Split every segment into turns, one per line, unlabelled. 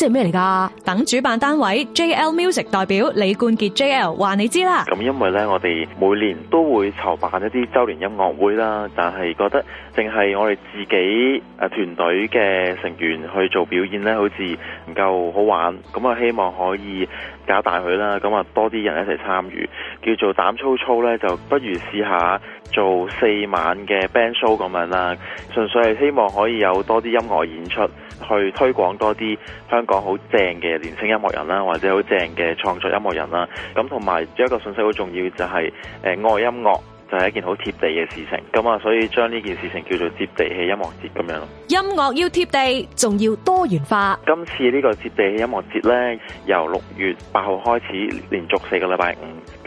即係咩嚟噶？等主辦單位 JL Music 代表李冠杰 JL 話你知啦。
咁因為咧，我哋每年都會籌辦一啲周年音樂會啦，但係覺得淨係我哋自己誒團隊嘅成員去做表演咧，好似唔夠好玩。咁啊，希望可以搞大佢啦。咁啊，多啲人一齊參與，叫做膽粗粗咧，就不如試下做四晚嘅 band show 咁樣啦。純粹係希望可以有多啲音樂演出，去推廣多啲香港。講好正嘅年輕音樂人啦，或者好正嘅創作音樂人啦，咁同埋有一個信息好重要就係，誒，愛音樂就係一件好貼地嘅事情，咁啊所以將呢件事情叫做接地氣音樂節咁樣咯。
音樂要貼地，仲要多元化。
今次呢個接地氣音樂節呢，由六月八號開始，連續四個禮拜五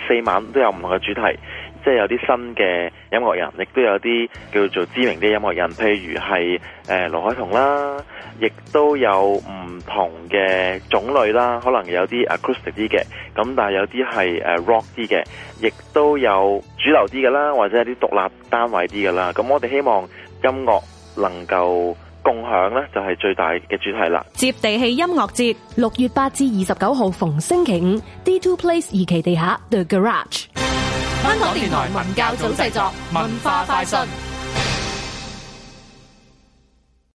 四晚都有唔同嘅主題。即係有啲新嘅音樂人，亦都有啲叫做知名啲音樂人，譬如係誒盧凱彤啦，亦都有唔同嘅種類啦，可能有啲 acoustic 啲嘅，咁但係有啲係誒 rock 啲嘅，亦都有主流啲嘅啦，或者係啲獨立單位啲嘅啦。咁我哋希望音樂能夠共享呢，就係最大嘅主題啦。
接地氣音樂節六月八至二十九號逢星期五，D Two Place 二期地下 The Garage。香港電台文教組製作，文化快訊。